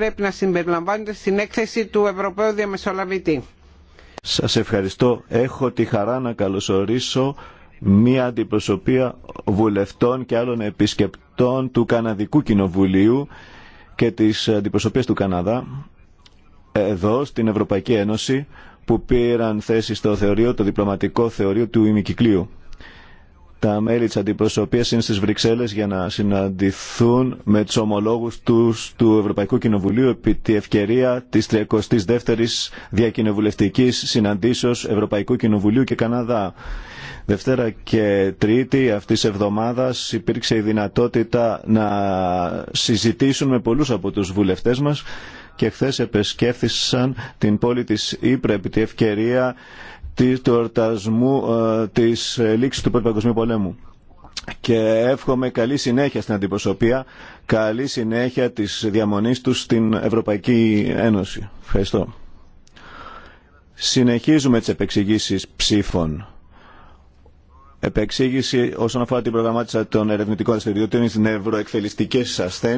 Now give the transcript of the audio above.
πρέπει να συμπεριλαμβάνεται στην έκθεση του Ευρωπαίου Διαμεσολαβητή. Σας ευχαριστώ. Έχω τη χαρά να καλωσορίσω μία αντιπροσωπεία βουλευτών και άλλων επισκεπτών του Καναδικού Κοινοβουλίου και της αντιπροσωπείας του Καναδά εδώ στην Ευρωπαϊκή Ένωση που πήραν θέση στο θεωρείο, το διπλωματικό θεωρείο του ημικυκλίου τα μέλη της αντιπροσωπείας είναι στις Βρυξέλλες για να συναντηθούν με τους ομολόγους τους του Ευρωπαϊκού Κοινοβουλίου επί τη ευκαιρία της 32ης διακοινοβουλευτικής συναντήσεως Ευρωπαϊκού Κοινοβουλίου και Καναδά. Δευτέρα και Τρίτη αυτής της εβδομάδας υπήρξε η δυνατότητα να συζητήσουν με πολλούς από τους βουλευτές μας και χθε επεσκέφθησαν την πόλη της επί τη ευκαιρία του εορτασμού ε, της ε, λήξης του Παγκοσμίου Πολέμου. Και εύχομαι καλή συνέχεια στην αντιπροσωπεία, καλή συνέχεια της διαμονής τους στην Ευρωπαϊκή Ένωση. Ευχαριστώ. Συνεχίζουμε τις επεξηγήσεις ψήφων. Επεξήγηση όσον αφορά την προγραμμάτισα των ερευνητικών δραστηριοτήτων στην ευρωεκφελιστικές ασθένειες.